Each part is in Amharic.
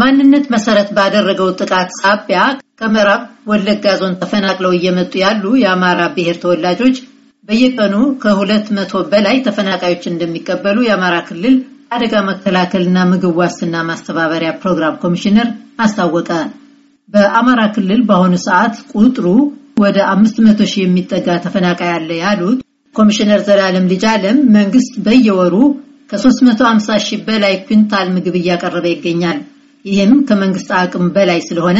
ማንነት መሰረት ባደረገው ጥቃት ሳቢያ ከምዕራብ ወለጋ ዞን ተፈናቅለው እየመጡ ያሉ የአማራ ብሔር ተወላጆች በየቀኑ ከሁለት መቶ በላይ ተፈናቃዮች እንደሚቀበሉ የአማራ ክልል አደጋ መከላከልና ምግብ ዋስትና ማስተባበሪያ ፕሮግራም ኮሚሽነር አስታወቀ። በአማራ ክልል በአሁኑ ሰዓት ቁጥሩ ወደ አምስት መቶ ሺህ የሚጠጋ ተፈናቃይ አለ ያሉት ኮሚሽነር ዘላለም ልጅ መንግስት በየወሩ ከ350 ሺህ በላይ ኩንታል ምግብ እያቀረበ ይገኛል። ይህም ከመንግስት አቅም በላይ ስለሆነ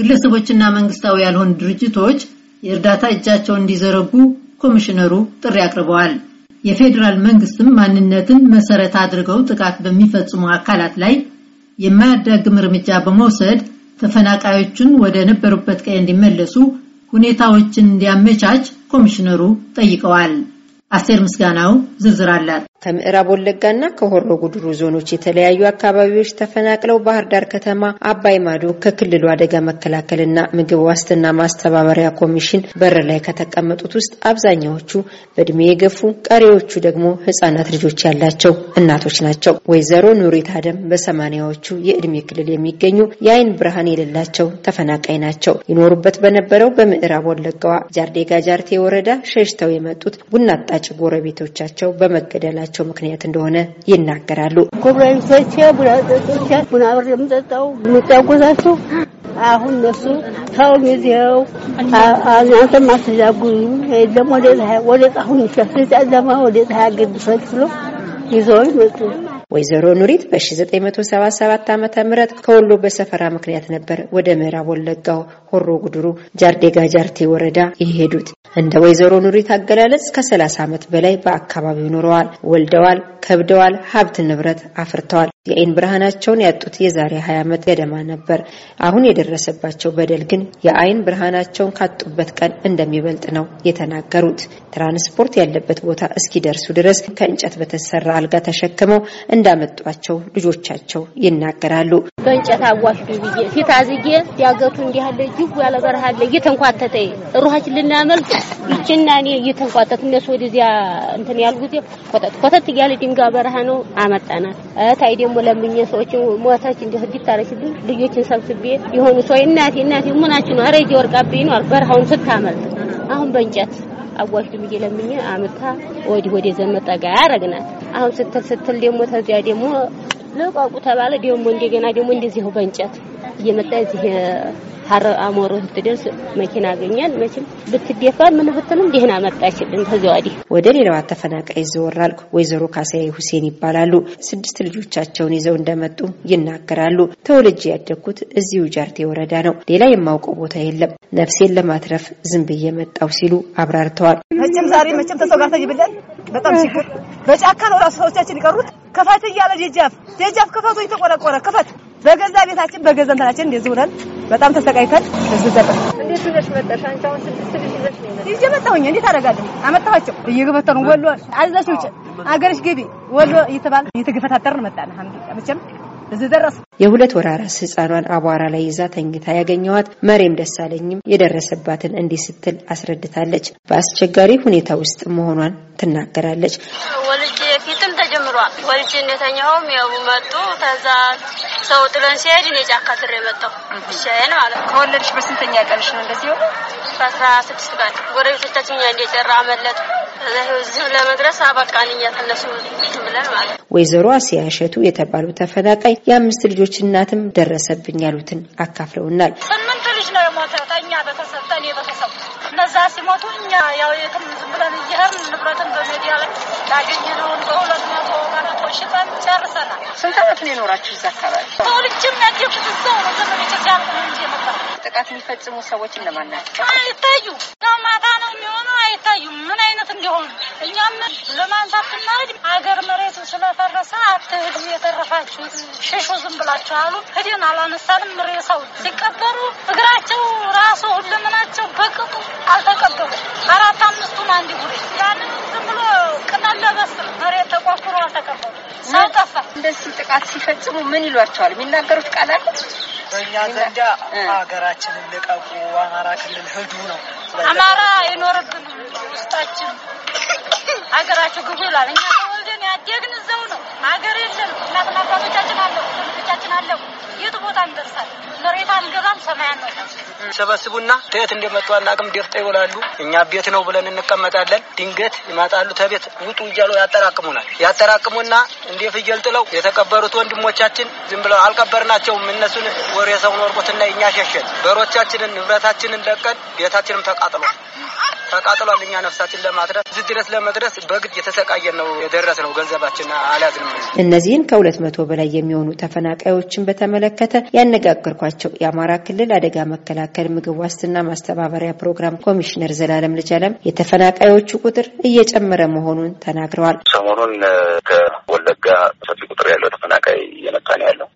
ግለሰቦችና መንግስታዊ ያልሆኑ ድርጅቶች የእርዳታ እጃቸውን እንዲዘረጉ ኮሚሽነሩ ጥሪ አቅርበዋል። የፌዴራል መንግስትም ማንነትን መሰረት አድርገው ጥቃት በሚፈጽሙ አካላት ላይ የማያዳግም እርምጃ በመውሰድ ተፈናቃዮቹን ወደ ነበሩበት ቀይ እንዲመለሱ ሁኔታዎችን እንዲያመቻች ኮሚሽነሩ ጠይቀዋል። hacerme ganado ዝርዝር አላት። ከምዕራብ ወለጋና ከሆሮ ጉድሩ ዞኖች የተለያዩ አካባቢዎች ተፈናቅለው ባህር ዳር ከተማ አባይ ማዶ ከክልሉ አደጋ መከላከልና ምግብ ዋስትና ማስተባበሪያ ኮሚሽን በር ላይ ከተቀመጡት ውስጥ አብዛኛዎቹ በእድሜ የገፉ፣ ቀሪዎቹ ደግሞ ህጻናት ልጆች ያላቸው እናቶች ናቸው። ወይዘሮ ኑሪት አደም በሰማኒያዎቹ የእድሜ ክልል የሚገኙ የአይን ብርሃን የሌላቸው ተፈናቃይ ናቸው። ይኖሩበት በነበረው በምዕራብ ወለጋዋ ጃርዴጋ ጃርቴ ወረዳ ሸሽተው የመጡት ቡና አጣጭ ጎረቤቶቻቸው ልጆቻቸው በመገደላቸው ምክንያት እንደሆነ ይናገራሉ። ኮብራዊቶቼ ቡና ጠጦቼ ቡና ብር የምጠጣው አሁን እነሱ ሰው ጊዜው አንተ ማስተዛጉኝ ደግሞ ወደ ፀሐይ ወደ ፀሐይ ወደ ፀሐይ ገብሰች ብሎ ይዘውን መጡ። ወይዘሮ ኑሪት በ1977 ዓ ም ከወሎ በሰፈራ ምክንያት ነበር ወደ ምዕራብ ወለጋው ሆሮ ጉድሩ ጃርዴጋ ጃርቴ ወረዳ የሄዱት። እንደ ወይዘሮ ኑሪት አገላለጽ ከ30 ዓመት በላይ በአካባቢው ኖረዋል፣ ወልደዋል፣ ከብደዋል፣ ሀብት ንብረት አፍርተዋል። የአይን ብርሃናቸውን ያጡት የዛሬ 20 ዓመት ገደማ ነበር። አሁን የደረሰባቸው በደል ግን የአይን ብርሃናቸውን ካጡበት ቀን እንደሚበልጥ ነው የተናገሩት። ትራንስፖርት ያለበት ቦታ እስኪደርሱ ድረስ ከእንጨት በተሰራ አልጋ ተሸክመው እንዳመጧቸው ልጆቻቸው ይናገራሉ። በእንጨት አዋሽዱ ብዬ ፊት አዝጌ ያገቱ እንዲህ አለ እጅጉ ያለ በረሃ አለ እየተንኳተተ ሩሃችን ልናመልጥ ይችና እኔ እየተንኳተት እነሱ ወደዚያ እንትን ያሉ ጊዜ ኮተት ኮተት እያለ ድንጋ በረሃ ነው አመጣናት። እታይ ደግሞ ለምኜ ሰዎች ሞታች እንዲህ ህዲት ታረችብኝ ልጆችን ሰብስቤ የሆኑ ሰው እናቴ እናቴ ምናችሁ ነው አረጅ ወርቃብኝ ነው በረሃውን ስታመልጥ አሁን በእንጨት አዋሽዱ ብዬ ለምኜ አመታ ወዲህ ወደ ዘመጠጋ ያረግናት አሁን ስትል ስትል ደግሞ ተዚያ ደግሞ ልቀቁ ተባለ። ደግሞ እንደገና ደግሞ እንደዚህ በእንጨት እየመጣ እዚህ ሀረ አሞሮ ስትደርስ መኪና አገኛል። መቼም ብትደፋ ምን ብትልም ደህና መጣችልን። ተዘዋዲ ወደ ሌላዋ ተፈናቃይ ዘወር ወይዘሮ ካሳይ ሁሴን ይባላሉ። ስድስት ልጆቻቸውን ይዘው እንደመጡ ይናገራሉ። ተወልጄ ያደግኩት እዚሁ ጃርቴ ወረዳ ነው። ሌላ የማውቀው ቦታ የለም። ነፍሴን ለማትረፍ ዝም ብዬ መጣው ሲሉ አብራርተዋል። መቼም ዛሬ መቼም ተሰው ጋር ተይብለን በጣም ችግር በጫካ ነው ራሱ ሰዎቻችን ይቀሩት ከፈት እያለ ደጃፍ ደጃፍ ከፈቶ የተቆረቆረ ከፈት በገዛ ቤታችን በገዛ እንትናችን እንደዚህ ሆነን በጣም ተሰ ተሰቃይተን ህዝብ ዘጠ እንዴት እንዴት አደርጋለሁ? አመጣኋቸው እየገፈተሩ ወሎ አዘሽ ውጭ አገርሽ ግቢ ወሎ እየተባለ እየተገፈታተርን መጣን። አልሐምዱሊላህ መቼም እዚህ ደረስ የሁለት ወር አራስ ህጻኗን አቧራ ላይ ይዛ ተኝታ ያገኘዋት መሬም ደሳለኝም የደረሰባትን እንዲህ ስትል አስረድታለች። በአስቸጋሪ ሁኔታ ውስጥ መሆኗን ትናገራለች። ወልጄ ፊትም ኑሯል። ወልጄ እንደተኛሁም ያው መጡ። ከዛ ሰው ጥለን ሲሄድ እኔ ጫካ ትሬ መጣሁ ብቻዬን ማለት ነው። ከወለድሽ በስንተኛ ቀንሽ ነው እንደዚህ ሆነ? በአስራ ስድስት ቀን ጎረቤቶቻችን እኛ እንደጨራ አመለጡ። እዚሁ ለመድረስ አበቃን ተነሱ ብለን ማለት ወይዘሮ አሲያ እሸቱ የተባሉ ተፈናቃይ የአምስት ልጆች እናትም ደረሰብኝ ያሉትን አካፍለውናል። ስምንት ልጅ ነው የሞተው እዛ ሲሞቱ እኛ ያው የትም ዝም ብለን እየሄድን ንብረትን በሜዲያ ላይ ያገኘነውን በሁለት መቶ መረቶ ሽጠን ጨርሰናል። ስንት ዓመት ነው የኖራችሁ እዛ አካባቢ? ተወልጅም ያደግኩት እዛው ነው። ዘመዶቼ ሲያልቁ ነው እንጂ የመጣሁ። ጥቃት የሚፈጽሙ ሰዎች እነማን ናቸው? አይታዩ ያው ማታ ነው የሚሆኑ አይታዩ ምን አይነት እንዲሆኑ እኛም ለማንሳት ብናሄድ አገር መሬቱ ስለፈረሰ አትሄዱ፣ የተረፋችሁ ሽሹ ዝም ብላችሁ አሉ። ሂደን አላነሳንም። ሬሳው ሲቀበሩ እግራቸው አልተቀበሉ አራት አምስቱም አንድ ጉዴ ያንን ዝም ብሎ ቅጠል ለበስ መሬት ተቆርቁሮ አልተቀበሉ ሰው ጠፋ። እንደዚህ ጥቃት ሲፈጽሙ ምን ይሏቸዋል? የሚናገሩት ቃል አለ? በእኛ ዘንዳ ሀገራችንን ልቀቁ፣ አማራ ክልል ሂዱ ነው። አማራ አይኖርብን ውስጣችን ሀገራችሁ ግቡ እኛ ተወልደን ያደግን እዛው ነው። ሀገር የለም እናትና አባቶቻችን አለ ልጆቻችን አለው የት ቦታ እንደርሳል መሬት አንገባም፣ ሰማያ ነው ሰበስቡና ትየት እንደመጡ አናቅም ደፍጠ ይውላሉ። እኛ ቤት ነው ብለን እንቀመጣለን። ድንገት ይመጣሉ። ተቤት ውጡ እያሉ ያጠራቅሙናል። ያጠራቅሙና እንደ ፍየል ጥለው የተቀበሩት ወንድሞቻችን ዝም ብለው አልቀበርናቸውም። እነሱን ወሬ ሰውን ወርቁትና እኛ ሸሸን። በሮቻችንን ንብረታችንን ለቀን ቤታችንም ተቃጥሏል። ተቃጥሏል። እኛ ነፍሳችን ለማትረፍ እዚህ ድረስ ለመድረስ በግድ የተሰቃየን ነው የደረስ ነው። ገንዘባችን አልያዝንም። እነዚህን ከሁለት መቶ በላይ የሚሆኑ ተፈናቃዮችን በተመለከተ ያነጋገርኳቸው የአማራ ክልል አደጋ መከላከል ምግብ ዋስትና ማስተባበሪያ ፕሮግራም ኮሚሽነር ዘላለም ልጃለም የተፈናቃዮቹ ቁጥር እየጨመረ መሆኑን ተናግረዋል። ሰሞኑን ከወለጋ ሰፊ ቁጥር ያለው ተፈናቃይ እየመጣ ነው ያለው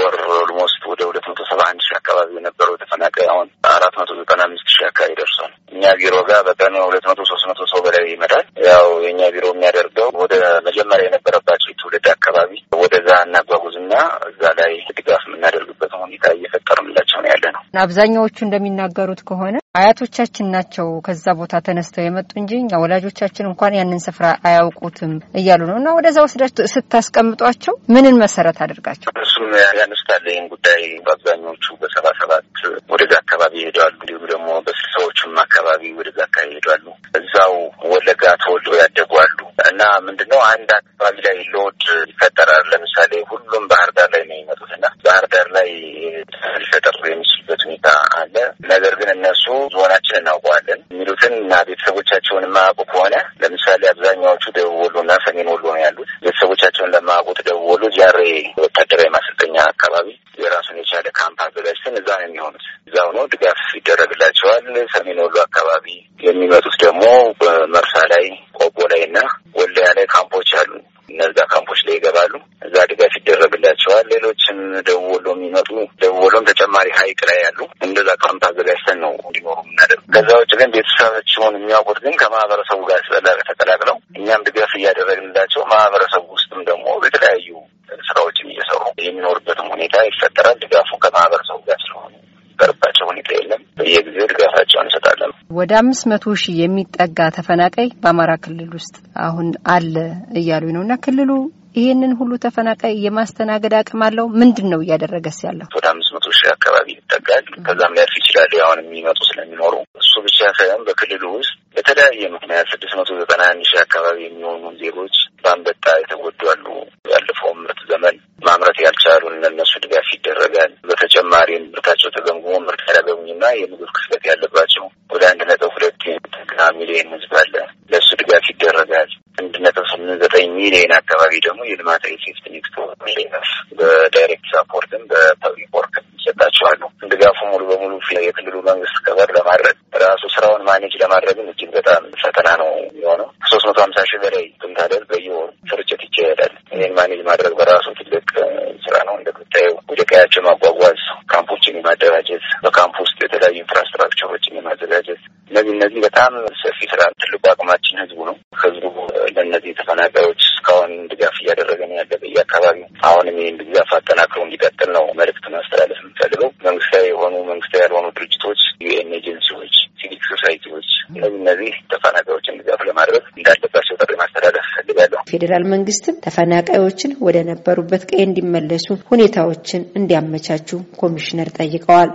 ወር ኦልሞስት ወደ ሁለት መቶ ሰባ አንድ ሺህ አካባቢ የነበረው ተፈናቃይ አሁን አራት መቶ ዘጠና አምስት ሺህ አካባቢ ደርሷል። እኛ ቢሮ ጋር በቀን ሁለት መቶ ሶስት መቶ ሰው በላይ ይመጣል። ያው የእኛ ቢሮ የሚያደርገው ወደ መጀመሪያ የነበረባቸው ትውልድ አካባቢ ወደዛ እናጓጉዝና እዛ ላይ ድጋፍ አብዛኛዎቹ እንደሚናገሩት ከሆነ አያቶቻችን ናቸው ከዛ ቦታ ተነስተው የመጡ እንጂ ወላጆቻችን እንኳን ያንን ስፍራ አያውቁትም እያሉ ነው። እና ወደዛ ወስዳቸው ስታስቀምጧቸው ምንን መሰረት አድርጋቸው እሱን ያነሱታል። ይህን ጉዳይ በአብዛኛዎቹ በሰባ ሰባት ወደዛ አካባቢ ይሄዳሉ፣ እንዲሁም ደግሞ በስልሳዎቹም አካባቢ ወደዛ አካባቢ ይሄዳሉ። እዛው ወለጋ ተወልደው ያደጉ አሉ። እና ምንድነው አንድ አካባቢ ላይ ሎድ ይፈጠራል። ለምሳሌ ሁሉም ባህር ዳር ላይ ነው የሚመጡት እና ባህር ዳር ላይ ሊፈጠሩ የሚችሉበት ሁኔታ አለ። ነገር ግን እነሱ ዞናችን እናውቀዋለን የሚሉትን እና ቤተሰቦቻቸውን የማያውቁ ከሆነ ለምሳሌ አብዛኛዎቹ ደቡብ ወሎ እና ሰሜን ወሎ ነው ያሉት ቤተሰቦቻ ስማቸውን ለማያውቁት ደወሉ። ጃሬ ወታደራዊ ማሰልጠኛ አካባቢ የራሱን የቻለ ካምፕ አዘጋጅተን እዛ ነው የሚሆኑት። እዛ ሆኖ ድጋፍ ይደረግላቸዋል። ሰሜን ወሎ አካባቢ የሚመጡት ደግሞ በመርሳ ላይ፣ ቆቦ ላይ እና ወልዲያ ላይ ካምፖች አሉ። እነዛ ካምፖች ላይ ይገባሉ። እዛ ድጋፍ ይደረግላቸዋል። ሌሎችም ደወሎ የሚመጡ ደወሎም ተጨማሪ ሀይቅ ላይ ያሉ እንደዛ ካምፕ አዘጋጅተን ነው እንዲኖሩ ምናደ ከዛ ውጭ ግን ቤተሰባቸውን የሚያውቁት ግን ከማህበረሰቡ ጋር ተቀላቅለው እኛም ድጋፍ እያደረግንላቸው ማህበረሰቡ ውስጥም ደግሞ የተለያዩ ስራዎችን እየሰሩ የሚኖርበትም ሁኔታ ይፈጠራል። ድጋፉ ከማህበረሰቡ ጋር ስለሆነ የሚቀርባቸው ሁኔታ የለም። በየጊዜው ድጋፋቸውን እንሰጣለን። ወደ አምስት መቶ ሺህ የሚጠጋ ተፈናቃይ በአማራ ክልል ውስጥ አሁን አለ እያሉ ነው እና ክልሉ ይህንን ሁሉ ተፈናቃይ የማስተናገድ አቅም አለው? ምንድን ነው እያደረገስ ያለው? ወደ አምስት መቶ ሺህ አካባቢ ይጠጋል። ከዛም ሊያልፍ ይችላል። አሁን የሚመጡ ስለሚኖሩ እሱ ብቻ ሳይሆን በክልሉ ውስጥ በተለያየ ምክንያት ስድስት መቶ ዘጠና አንድ ሺህ አካባቢ የሚሆኑ ዜጎች በአንበጣ የተጎዱ አሉ። ያለፈው ምርት ዘመን ማምረት ያልቻሉ ለነሱ ድጋፍ ይደረጋል። ሴፍቲ ኔት ከሚሊነፍ በዳይሬክት ሳፖርትም በፐብሊክ ወርክም ይሰጣቸዋሉ። ድጋፉ ሙሉ በሙሉ የክልሉ መንግስት ከበር ለማድረግ ራሱ ስራውን ማኔጅ ለማድረግም እጅግ በጣም ፈተና ነው የሚሆነው። ከሶስት መቶ ሀምሳ ሺህ በላይ ትንታደል በየወሩ ስርጭት ይካሄዳል። ይህን ማኔጅ ማድረግ በራሱ ትልቅ ስራ ነው። እንደምታየው ወደ ቀያቸው ማጓጓዝ፣ ካምፖችን የማደራጀት፣ በካምፕ ውስጥ የተለያዩ ኢንፍራስትራክቸሮችን የማዘጋጀት እነዚህ እነዚህ በጣም ሰፊ ስራ። ትልቁ አቅማችን ህዝቡ ነው። ህዝቡ ለእነዚህ ተፈናቃዮች እስካሁን ድጋፍ እያደረገን ያለ በየአካባቢው አሁንም ይህን ድጋፍ አጠናክሮ እንዲቀጥል ነው መልእክት ማስተላለፍ የምፈልገው። መንግስታዊ የሆኑ መንግስታዊ ያልሆኑ ድርጅቶች፣ ዩኤን ኤጀንሲዎች፣ ሲቪክ ሶሳይቲዎች እነዚህ እነዚህ ተፈናቃዮችን ድጋፍ ለማድረግ እንዳለባቸው ጥሪ ማስተላለፍ ፈልጋለሁ። ፌዴራል መንግስትም ተፈናቃዮችን ወደ ነበሩበት ቀይ እንዲመለሱ ሁኔታዎችን እንዲያመቻቹ ኮሚሽነር ጠይቀዋል።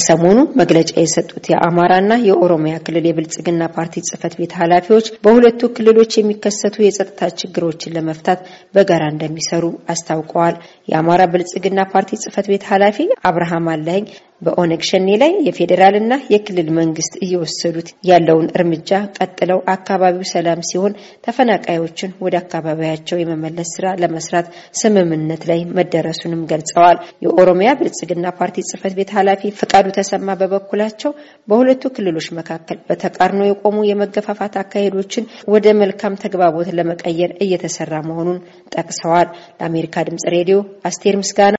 ከሰሞኑ መግለጫ የሰጡት የአማራና የኦሮሚያ ክልል የብልጽግና ፓርቲ ጽህፈት ቤት ኃላፊዎች በሁለቱ ክልሎች የሚከሰቱ የጸጥታ ችግሮችን ለመፍታት በጋራ እንደሚሰሩ አስታውቀዋል። የአማራ ብልጽግና ፓርቲ ጽህፈት ቤት ኃላፊ አብርሃም አለኝ በኦነግ ሸኔ ላይ የፌዴራልና የክልል መንግስት እየወሰዱት ያለውን እርምጃ ቀጥለው አካባቢው ሰላም ሲሆን ተፈናቃዮችን ወደ አካባቢያቸው የመመለስ ስራ ለመስራት ስምምነት ላይ መደረሱንም ገልጸዋል። የኦሮሚያ ብልጽግና ፓርቲ ጽህፈት ቤት ኃላፊ ፍቃዱ ተሰማ በበኩላቸው በሁለቱ ክልሎች መካከል በተቃርኖ የቆሙ የመገፋፋት አካሄዶችን ወደ መልካም ተግባቦት ለመቀየር እየተሰራ መሆኑን ጠቅሰዋል። ለአሜሪካ ድምጽ ሬዲዮ አስቴር ምስጋና